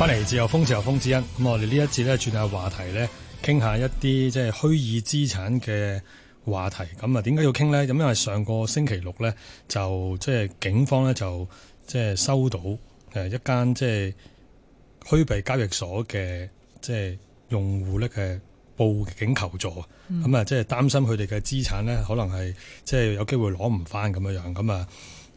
翻嚟自由風，自由風之一。咁我哋呢一節咧，轉下話題咧，傾下一啲即係虛擬資產嘅話題。咁啊，點解要傾咧？咁因為上個星期六咧，就即係、就是、警方咧，就即、是、係收到誒一間即係、就是、虛擬交易所嘅即係用戶咧嘅報警求助。咁啊，即、嗯、係擔心佢哋嘅資產咧，可能係即係有機會攞唔翻咁樣樣。咁啊，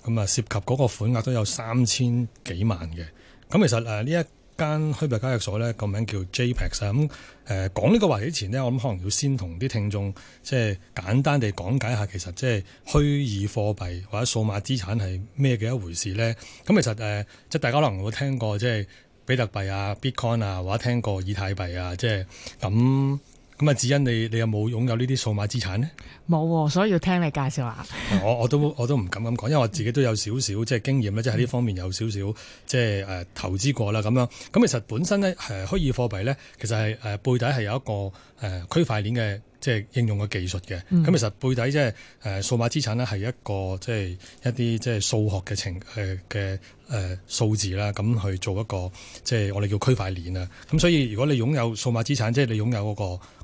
咁啊，涉及嗰個款額都有三千幾萬嘅。咁其實誒呢一間虛擬交易所咧，個名叫 JPEX，咁誒講呢個話之前呢，我諗可能要先同啲聽眾即係簡單地講解下，其實即係虛擬貨幣或者數碼資產係咩嘅一回事咧。咁其實誒即係大家可能會聽過即係比，比特幣啊、Bitcoin 啊，或者聽過以太幣啊，即係咁。咁啊，子欣你你有冇擁有呢啲數碼資產呢？冇、啊，所以要聽你介紹下。 我我都我都唔敢咁講，因為我自己都有少少即係經驗咧，即係喺呢方面有少少即係投資過啦咁樣。咁其實本身咧誒、呃、虛擬貨幣咧，其實係、呃、背底係有一個誒、呃、區塊鏈嘅。即、就、係、是、應用嘅技術嘅，咁、嗯、其實背底即係誒數碼資產咧係一個即係、就是、一啲即係數學嘅程嘅誒、呃呃、數字啦，咁去做一個即係、就是、我哋叫區塊鏈啦。咁所以如果你擁有數碼資產，即、就、係、是、你擁有嗰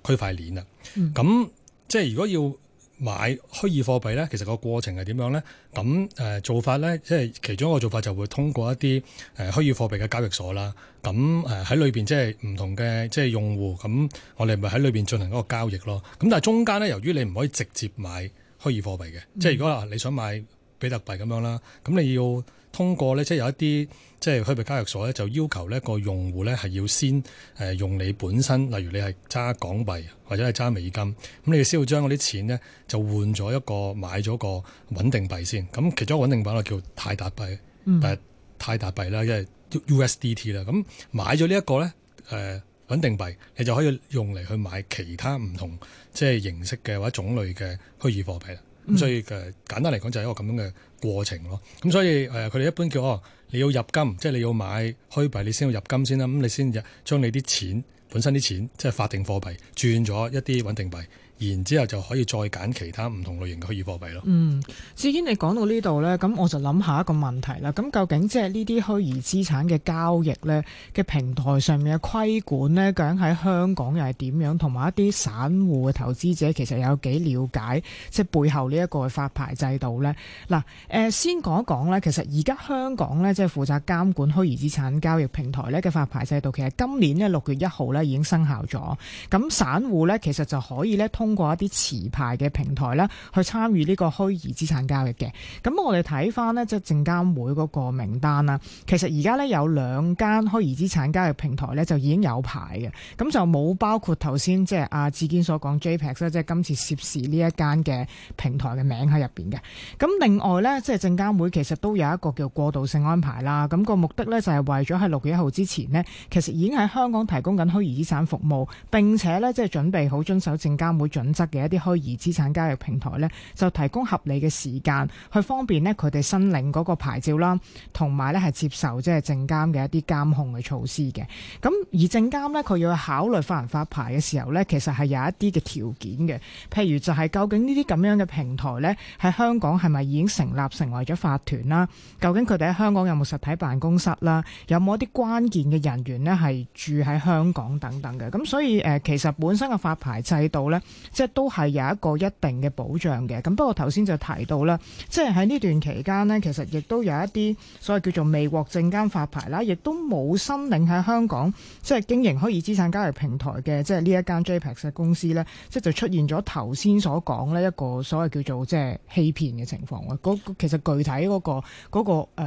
個區塊鏈啦，咁即係如果要。買虛擬貨幣咧，其實個過程係點樣咧？咁誒做法咧，即係其中一個做法就會通過一啲誒虛擬貨幣嘅交易所啦。咁誒喺裏面，即係唔同嘅即係用戶，咁我哋咪喺裏面進行嗰個交易咯。咁但係中間咧，由於你唔可以直接買虛擬貨幣嘅，即係如果你想買比特幣咁樣啦，咁你要。通過咧，即係有一啲即係虛擬交易所咧，就要求呢個用戶咧係要先誒用你本身，例如你係揸港幣或者係揸美金，咁你先要將嗰啲錢咧就換咗一個買咗個穩定幣先。咁其中一個穩定幣咧叫泰達幣，嗯呃、泰達幣啦，即係 USDT 啦、這個。咁買咗呢一個咧誒穩定幣，你就可以用嚟去買其他唔同即係形式嘅或者種類嘅虛擬貨幣啦。咁、嗯、所以誒簡單嚟講就係一個咁樣嘅過程咯。咁所以佢哋一般叫我你要入金，即係你要買虛幣，你先要入金先啦。咁你先入將你啲錢本身啲錢，即係法定貨幣轉咗一啲穩定幣。然之後就可以再揀其他唔同類型嘅虛擬貨幣咯。嗯，至於你講到呢度呢，咁我就諗下一個問題啦。咁究竟即係呢啲虛擬資產嘅交易呢嘅平台上面嘅規管呢？究竟喺香港又係點樣？同埋一啲散戶嘅投資者其實有幾了解即係背後呢一個嘅發牌制度呢？嗱，誒先講一講呢。其實而家香港呢，即係負責監管虛擬資產交易平台呢嘅發牌制度，其實今年呢，六月一號呢已經生效咗。咁散戶呢，其實就可以呢。通。通過一啲持牌嘅平台咧，去參與呢個虛擬資產交易嘅。咁我哋睇翻呢，即係證監會嗰個名單啦。其實而家呢，有兩間虛擬資產交易平台呢，就已經有牌嘅。咁就冇包括頭先即係阿志堅所講 JPEX，即係今次涉事呢一間嘅平台嘅名喺入邊嘅。咁另外呢，即係證監會其實都有一個叫過渡性安排啦。咁個目的呢，就係為咗喺六月一號之前呢，其實已經喺香港提供緊虛擬資產服務，並且呢，即係準備好遵守證監會。準則嘅一啲虛擬資產交易平台咧，就提供合理嘅時間去方便呢佢哋申領嗰個牌照啦，同埋咧係接受即係證監嘅一啲監控嘅措施嘅。咁而證監咧，佢要去考慮發唔發牌嘅時候咧，其實係有一啲嘅條件嘅。譬如就係究竟呢啲咁樣嘅平台咧，喺香港係咪已經成立成為咗法團啦？究竟佢哋喺香港有冇實體辦公室啦？有冇一啲關鍵嘅人員咧係住喺香港等等嘅？咁所以誒、呃，其實本身嘅發牌制度咧，即係都係有一個一定嘅保障嘅，咁不過頭先就提到啦，即係喺呢段期間呢，其實亦都有一啲所謂叫做未獲證監發牌啦，亦都冇申領喺香港即係經營虛擬資產交易平台嘅即係呢一間 JPEX 嘅公司呢，即係就出現咗頭先所講呢一個所謂叫做即係欺騙嘅情況嗰、嗰個、其實具體嗰、嗰個嗰、嗰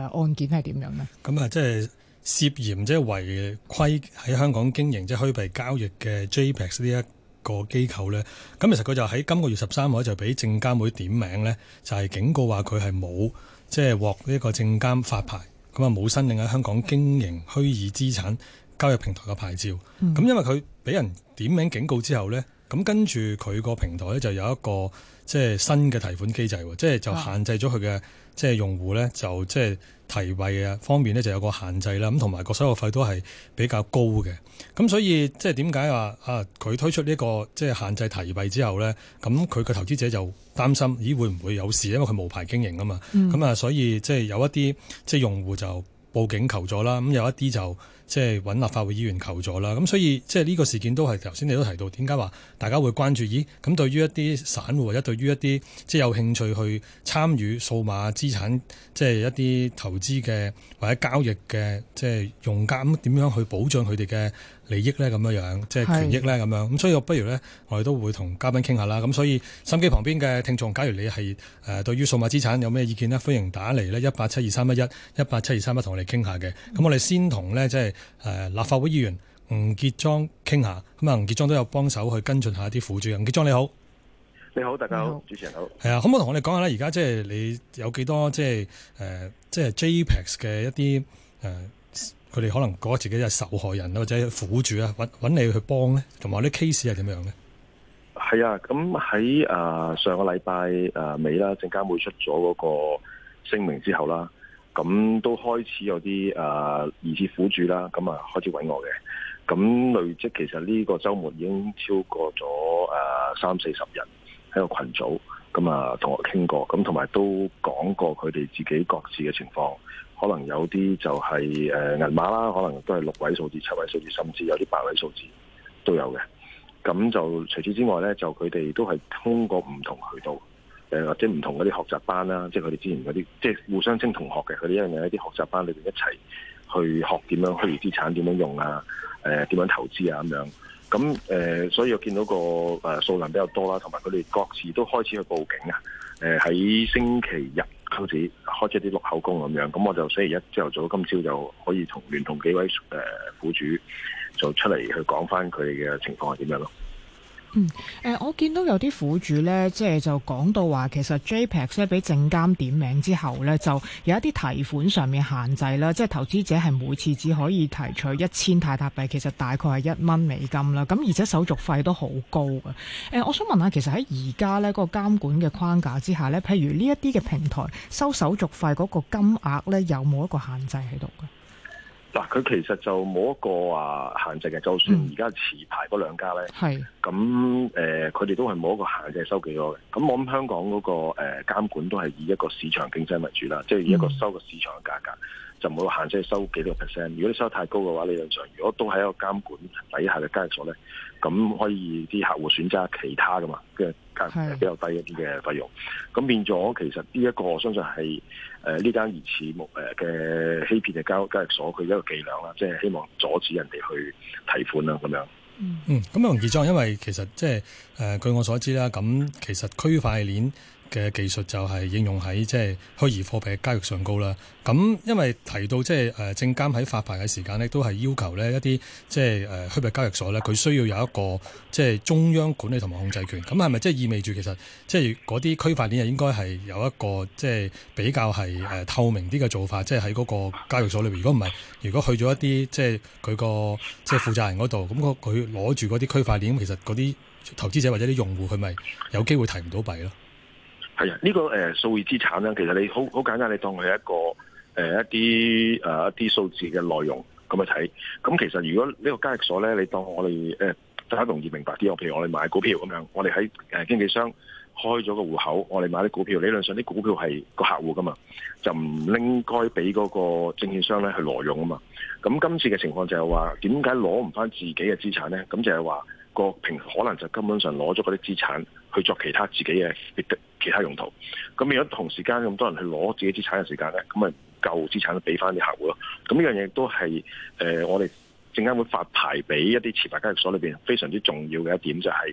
個、案件係點樣呢？咁啊，即係涉嫌即係違規喺香港經營即係虛擬交易嘅 JPEX 呢一。那個機構呢，咁其實佢就喺今個月十三號就俾證監會點名呢就係、是、警告話佢係冇即係獲呢個證監發牌，咁啊冇申領喺香港經營虛擬資產交易平台嘅牌照。咁、嗯、因為佢俾人點名警告之後呢。咁跟住佢個平台咧就有一個即係、就是、新嘅提款機制，即係就是、限制咗佢嘅即係用戶咧就即、是、係提幣啊方面咧就有個限制啦，咁同埋個收入費都係比較高嘅。咁所以即係點解話啊佢推出呢個即係限制提幣之後咧，咁佢個投資者就擔心咦會唔會有事，因為佢冇牌經營啊嘛。咁、嗯、啊，所以即係、就是、有一啲即係用戶就報警求助啦，咁有一啲就。即係揾立法會議員求助啦，咁所以即係呢個事件都係頭先你都提到，點解話大家會關注？咦，咁對於一啲散戶或者對於一啲即係有興趣去參與數碼資產，即係一啲投資嘅或者交易嘅，即係用家咁點樣去保障佢哋嘅利益呢？咁樣樣即係權益呢？咁樣咁所以我不如呢，我哋都會同嘉賓傾下啦。咁所以心機旁邊嘅聽眾，假如你係誒對於數碼資產有咩意見呢？歡迎打嚟呢一八七二三一一一八七二三一，同187231我哋傾下嘅。咁我哋先同呢，即係。誒、呃，立法會議員吳傑莊傾下，咁啊，吳杰莊都有幫手去跟進下一啲苦主。吳傑莊你好，你好，大家好，、嗯、好，主持人好。係啊，可唔可以同我哋講下咧？而家即係你有幾多即係誒，即係 JPEX 嘅一啲誒，佢、呃、哋可能覺得自己係受害人或者苦主啊，揾揾你去幫咧，同埋啲 case 係點樣咧？係啊，咁喺誒上個禮拜誒尾啦，證、呃、監會出咗嗰個聲明之後啦。咁都開始有啲誒疑似苦主啦，咁啊開始揾我嘅，咁累積其實呢個週末已經超過咗誒三四十人喺個群組，咁啊同我傾過，咁同埋都講過佢哋自己各自嘅情況，可能有啲就係誒銀碼啦，可能都係六位數字、七位數字，甚至有啲八位數字都有嘅。咁就除此之外咧，就佢哋都係通過唔同渠道。誒或者唔同嗰啲學習班啦，即係佢哋之前嗰啲，即係互相稱同學嘅，佢哋一樣喺啲學習班裏邊一齊去學點樣虛擬資產點樣用啊，誒、呃、點樣投資啊咁樣。咁誒、呃，所以我見到個誒數量比較多啦，同埋佢哋各自都開始去報警啊。誒、呃、喺星期日開始開始啲錄口供咁樣。咁我就星期一朝頭早今朝就可以同聯同幾位誒苦、呃、主就出嚟去講翻佢哋嘅情況係點樣咯。嗯，誒、呃，我見到有啲苦主咧，即係就講到話其實 JPEX 咧俾證監點名之後咧，就有一啲提款上面限制啦，即係投資者係每次只可以提取一千泰塔幣，其實大概係一蚊美金啦。咁而且手續費都好高嘅。誒、呃，我想問下，其實喺而家咧個監管嘅框架之下咧，譬如呢一啲嘅平台收手續費嗰個金額咧，有冇一個限制喺度嘅？嗱，佢其實就冇一個話限制嘅，就算而家持牌嗰兩家咧，咁、mm. 誒，佢、呃、哋都係冇一個限制收幾多嘅。咁我諗香港嗰個誒監管都係以一個市場競爭為主啦，即、就、係、是、一個收個市場嘅價格，就冇限制收幾多個 percent。如果你收太高嘅話，理論上如果都喺一個監管底下嘅交易所咧。咁可以啲客戶選擇其他㗎嘛，嘅價比較低一啲嘅費用，咁變咗其實呢一個我相信係呢間疑似嘅欺騙嘅交交易所佢一個伎倆啦，即係希望阻止人哋去提款啦，咁樣。嗯，咁、嗯、吳傑莊，因為其實即係誒據我所知啦，咁其實區塊鏈。嘅技術就係應用喺即係虛擬貨幣交易上高啦。咁因為提到即係誒證監喺發牌嘅時間呢都係要求呢一啲即係誒虛擬交易所呢佢需要有一個即係中央管理同埋控制權。咁係咪即係意味住其實即係嗰啲區塊鏈係應該係有一個即係比較係誒透明啲嘅做法？即係喺嗰個交易所裏面，如果唔係，如果去咗一啲即係佢個即係負責人嗰度，咁佢攞住嗰啲區塊鏈，其實嗰啲投資者或者啲用戶佢咪有機會提唔到幣咯？係啊，這個呃、數位資呢個誒數位資產咧，其實你好好簡單，你當佢係一個誒、呃、一啲誒、呃、一啲數字嘅內容咁去睇。咁其實如果個呢個交易所咧，你當我哋誒、呃、大家容易明白啲，我譬如我哋買股票咁樣，我哋喺誒經紀商開咗個戶口，我哋買啲股票，理論上啲股票係個客戶噶嘛，就唔應該俾嗰個證券商咧去挪用啊嘛。咁今次嘅情況就係話，點解攞唔翻自己嘅資產咧？咁就係話個平可能就根本上攞咗嗰啲資產。去作其他自己嘅其他用途，咁如果同時間咁多人去攞自己資產嘅時間咧，咁咪夠資產俾翻啲客戶咯。咁呢樣嘢都係誒、呃，我哋證監會發牌俾一啲持牌交易所裏邊非常之重要嘅一點，就是，就係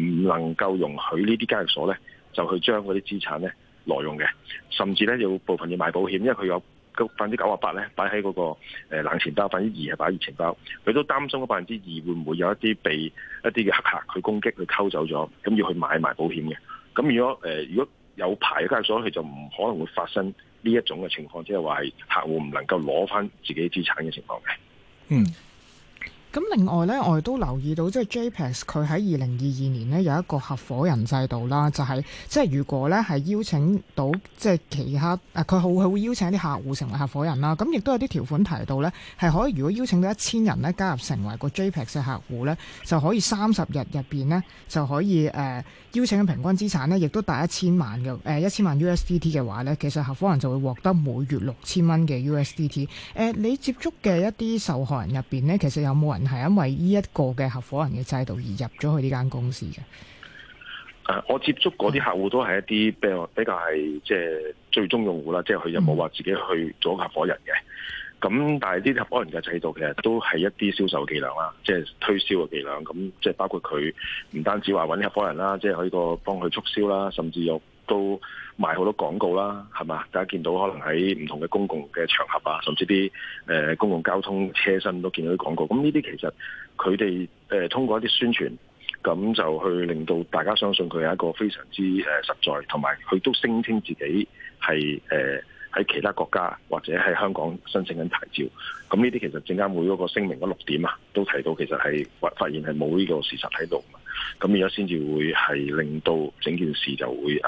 唔能夠容許呢啲交易所咧就去將嗰啲資產咧挪用嘅，甚至咧有部分要買保險，因為佢有。百分之九十八咧，擺喺嗰個冷錢包；百分之二係擺熱錢包。佢都擔心百分之二會唔會有一啲被一啲嘅黑客佢攻擊，佢偷走咗，咁要去買埋保險嘅。咁如果誒如果有牌嘅交易所，佢就唔可能會發生呢一種嘅情況，即係話係客戶唔能夠攞翻自己資產嘅情況嘅。嗯。咁另外呢，我哋都留意到，即係 JPEX 佢喺二零二二年呢有一個合伙人制度啦，就係、是、即係如果咧係邀請到即係其他，誒佢好佢會邀請啲客戶成為合伙人啦。咁亦都有啲條款提到咧，係可以如果邀請到一千人咧加入成為個 JPEX 嘅客戶咧，就可以三十日入邊咧就可以誒、呃、邀請嘅平均資產咧，亦都達一千萬嘅誒一千萬 USDT 嘅話咧，其實合伙人就會獲得每月六千蚊嘅 USDT。誒、呃、你接觸嘅一啲受害人入邊咧，其實有冇人，係因為呢一個嘅合夥人嘅制度而入咗去呢間公司嘅。誒，我接觸嗰啲客戶都係一啲比較比較係即係最終用戶啦，即係佢就冇話自己去做合夥人嘅。咁但係啲合夥人嘅制度其實都係一啲銷售伎倆啦，即係推銷嘅伎倆。咁即係包括佢唔單止話搵合夥人啦，即係喺個幫佢促銷啦，甚至有。都賣好多廣告啦，係嘛？大家見到可能喺唔同嘅公共嘅場合啊，甚至啲、呃、公共交通車身都見到啲廣告。咁呢啲其實佢哋、呃、通過一啲宣傳，咁就去令到大家相信佢係一個非常之實在，同埋佢都聲稱自己係喺、呃、其他國家或者喺香港申請緊牌照。咁呢啲其實證監會嗰個聲明嗰六點啊，都提到其實係發現係冇呢個事實喺度。咁而家先至會係令到整件事就會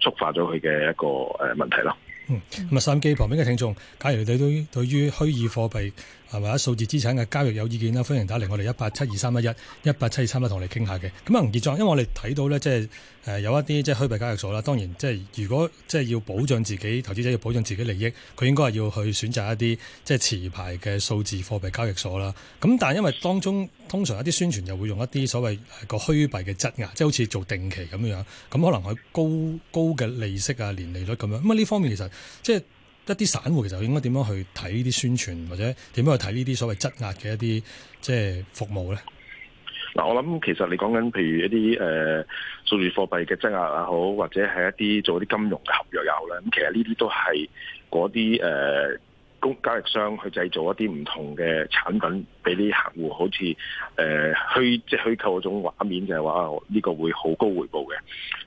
誒觸發咗佢嘅一個誒問題咯。嗯，咁啊，收音機旁邊嘅聽眾，假如你對對於虛擬貨幣。係咪喺數字資產嘅交易有意見啦？歡迎打嚟我哋一八七二三一一一八七二三一同我哋傾下嘅。咁啊吳傑莊，因為我哋睇到呢，即係誒有一啲即係虛幣交易所啦。當然，即係如果即係要保障自己投資者要保障自己利益，佢應該係要去選擇一啲即係持牌嘅數字貨幣交易所啦。咁但係因為當中通常一啲宣傳又會用一啲所謂個虛幣嘅質押，即係好似做定期咁樣。咁可能佢高高嘅利息啊、年利率咁樣。咁啊呢方面其實即係。一啲散戶其實應該點樣去睇呢啲宣傳，或者點樣去睇呢啲所謂質押嘅一啲即係服務咧？嗱，我諗其實你講緊譬如一啲誒、呃、數字貨幣嘅質押也好，或者係一啲做一啲金融嘅合約也好咧。咁其實呢啲都係嗰啲誒公交易商去製造一啲唔同嘅產品俾啲客戶，好似誒虛即係虛構嗰種畫面，就，就係話呢個會好高回報嘅。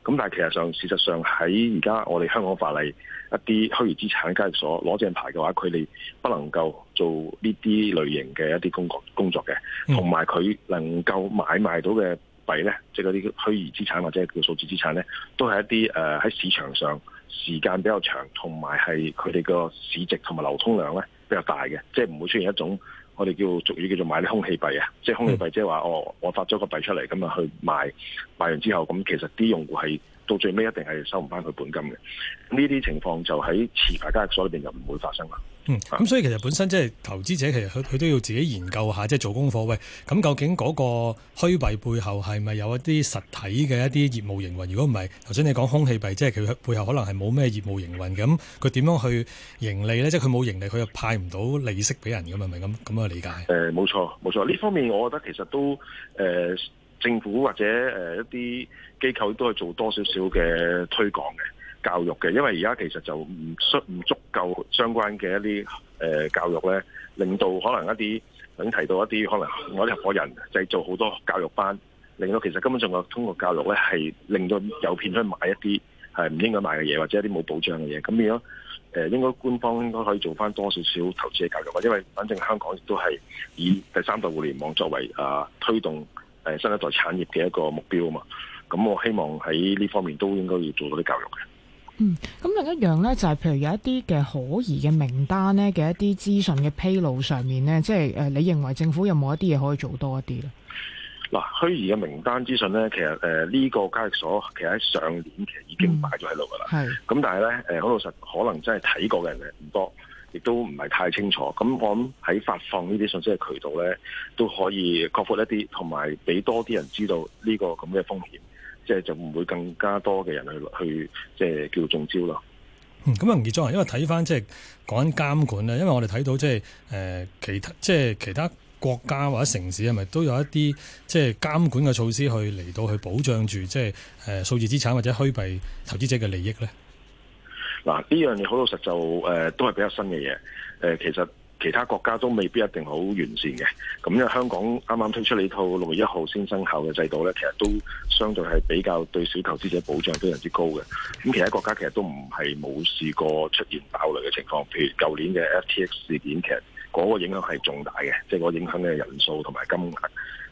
咁但係其實上事實上喺而家我哋香港法例。一啲虛擬資產交易所攞正牌嘅話，佢哋不能夠做呢啲類型嘅一啲工作工作嘅，同埋佢能夠買賣到嘅幣咧，即係嗰啲虛擬資產或者係叫數字資產咧，都係一啲誒喺市場上時間比較長，同埋係佢哋個市值同埋流通量咧比較大嘅，即係唔會出現一種我哋叫俗語叫做買啲空氣幣啊，即係空氣幣，即係話哦，我發咗個幣出嚟咁啊去賣，賣完之後咁其實啲用戶係。到最尾一定係收唔翻佢本金嘅，呢啲情況就喺持牌交易所裏邊就唔會發生啦。嗯，咁所以其實本身即係投資者其實佢佢都要自己研究下，即係做功課。喂，咁究竟嗰個虛幣背後係咪有一啲實體嘅一啲業務營運？如果唔係，頭先你講空氣幣，即係佢背後可能係冇咩業務營運。咁佢點樣去盈利咧？即係佢冇盈利，佢又派唔到利息俾人咁，係咪咁咁嘅理解？誒、呃，冇錯，冇錯。呢方面我覺得其實都、呃政府或者一啲機構都係做多少少嘅推廣嘅教育嘅，因為而家其實就唔不足夠相關嘅一啲教育咧，令到可能一啲已經提到一啲可能我啲合伙人製造好多教育班，令到其實根本上我通過教育咧係令到有片出去買一啲係唔應該買嘅嘢，或者一啲冇保障嘅嘢。咁變咗應該官方應該可以做翻多少少投資嘅教育，因為反正香港亦都係以第三代互聯網作為、啊、推動。誒新一代產業嘅一個目標啊嘛，咁我希望喺呢方面都應該要做到啲教育嘅。嗯，咁另一樣咧就係、是、譬如有一啲嘅可疑嘅名單咧嘅一啲資訊嘅披露上面咧，即係誒，你認為政府有冇一啲嘢可以做多一啲咧？嗱，虛擬嘅名單資訊咧，其實誒呢、呃呢個交易所其實喺上年其實已經擺咗喺度噶啦。係、嗯。咁但係咧誒好老實，可能真係睇過嘅人唔多。亦都唔係太清楚，咁我諗喺發放呢啲信息嘅渠道咧，都可以擴闊一啲，同埋俾多啲人知道呢個咁嘅風險，即係就唔、是、會更加多嘅人去去即係叫中招咯。咁、嗯、啊吳傑莊啊，因為睇翻即係講緊監管咧，因為我哋睇到即係誒其他即係、就是、其他國家或者城市係咪都有一啲即係監管嘅措施去嚟到去，去保障住即係誒數字資產或者虛幣投資者嘅利益咧？嗱，呢樣嘢好老實就誒、呃，都係比較新嘅嘢。誒、呃，其實其他國家都未必一定好完善嘅。咁因為香港啱啱推出呢套六月一號先生效嘅制度咧，其實都相對係比較對小投資者保障非常之高嘅。咁其他國家其實都唔係冇試過出現爆雷嘅情況，譬如舊年嘅 FTX 事件，其實嗰個影響係重大嘅，即係嗰個影響嘅人數同埋金額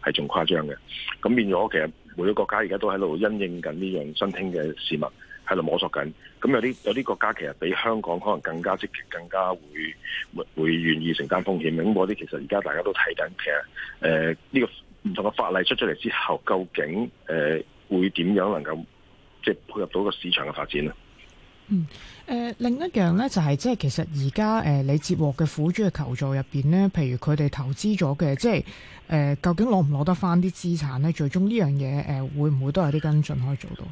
係仲誇張嘅。咁變咗其實每個國家而家都喺度因應緊呢樣新興嘅事物。喺度摸索緊，咁有啲有啲國家其實比香港可能更加積極、更加會會，會願意承擔風險。咁嗰啲其實而家大家都睇緊，其實誒呢、呃呢個唔同嘅法例出出嚟之後，究竟誒、呃、會點樣能夠即係配合到個市場嘅發展咧？嗯，誒、呃、另一樣咧就係、係、即係其實而家誒你接獲嘅苦主嘅求助入邊咧，譬如佢哋投資咗嘅，即係誒、呃、究竟攞唔攞得翻啲資產咧？最終呢樣嘢誒會唔會都係啲跟進可以做到？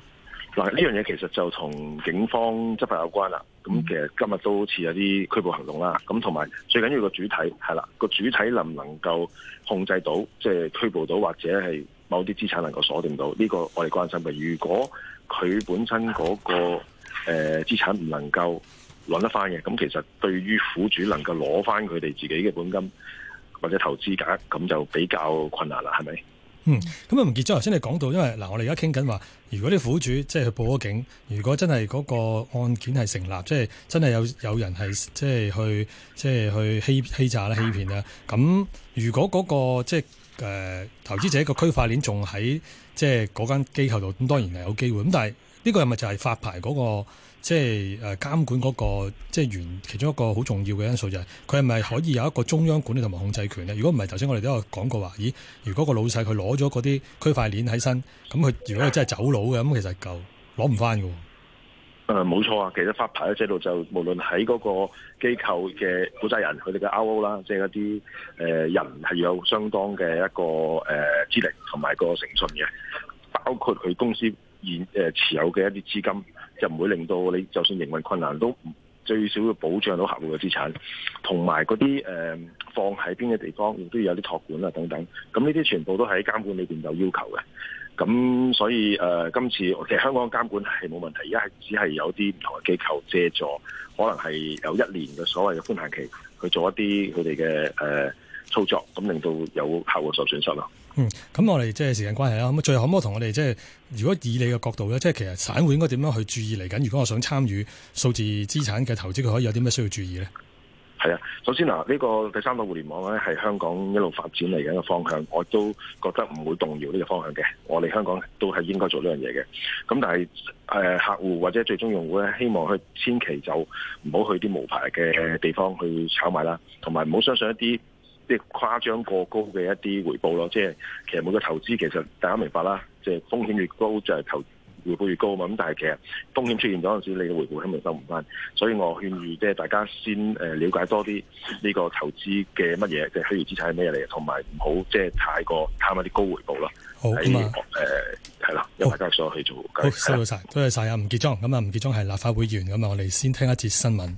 嗱、啊，呢樣嘢其實就同警方執法有關啦。咁其實今日都好似有啲拘捕行動啦。咁同埋最緊要個主體係啦，個主體能唔能夠控制到，即、就、係、是、拘捕到或者係某啲資產能夠鎖定到呢、這個，我哋關心嘅。如果佢本身嗰、那個誒、呃、資產唔能夠攞得翻嘅，咁其實對於苦主能夠攞翻佢哋自己嘅本金或者投資額，咁就比較困難啦，係咪？嗯，咁啊，吳傑莊頭先你講到，因為嗱，我哋而家傾緊話，如果啲苦主即係去報咗警，如果真係嗰個案件係成立，即係真係有有人係即係去即係去欺欺詐啦欺騙咧，咁如果嗰、那個即係誒、呃、投資者個區塊鏈仲喺即係嗰間機構度，咁當然係有機會。咁但係呢個係咪就係發牌嗰、那個？即係誒監管嗰、那個，即、就、係、是、其中一個好重要嘅因素就係佢係咪可以有一個中央管理同埋控制權咧？如果唔係，頭先我哋都有講過話，咦？如果個老細佢攞咗嗰啲區塊鏈喺身，咁佢如果佢真係走佬嘅，咁、啊、其實夠攞唔翻喎。誒，冇、嗯、錯啊！其實發牌 t f 嘅制度就是、無論喺嗰個機構嘅負責人，佢哋嘅 RO 啦，即係一啲誒人係有相當嘅一個誒資歷同埋個誠信嘅，包括佢公司持有嘅一啲資金。就唔會令到你就算營運困難都最少要保障到客戶嘅資產，同埋嗰啲誒放喺邊嘅地方亦都要有啲託管啊等等，咁呢啲全部都喺監管裏邊有要求嘅。咁所以誒、呃，今次其實香港監管係冇問題，而家只係有啲唔同嘅機構借助，可能係有一年嘅所謂嘅寬限期去做一啲佢哋嘅誒操作，咁令到有客戶受損失咯。嗯，咁我哋即係時間關係啦，咁最後可唔可以同我哋即係，如果以你嘅角度咧，即係其實散戶應該點樣去注意嚟緊？如果我想參與數字資產嘅投資，佢可以有啲咩需要注意咧？係啊，首先嗱，呢個第三個互聯網咧，係香港一路發展嚟緊嘅方向，我都覺得唔會動搖呢個方向嘅。我哋香港都係應該做呢樣嘢嘅。咁但係誒，客戶或者最終用戶咧，希望佢千祈就唔好去啲無牌嘅地方去炒賣啦，同埋唔好相信一啲，即係誇張過高嘅一啲回報咯，即係其實每個投資其實大家明白啦，即係風險越高就係投回報越高啊嘛。咁但係其實風險出現咗嗰陣時，你嘅回報肯定收唔翻。所以我勸喻即係大家先誒了解多啲呢個投資嘅乜嘢，即係虛擬資產係咩嘢嚟嘅，同埋唔好即係太過貪一啲高回報咯。好啊嘛，誒係啦，由大家所去做。好，嗯、好收到晒，多謝晒啊，吳傑莊。咁啊，吳傑莊係立法會議員。咁啊，我哋先聽一節新聞。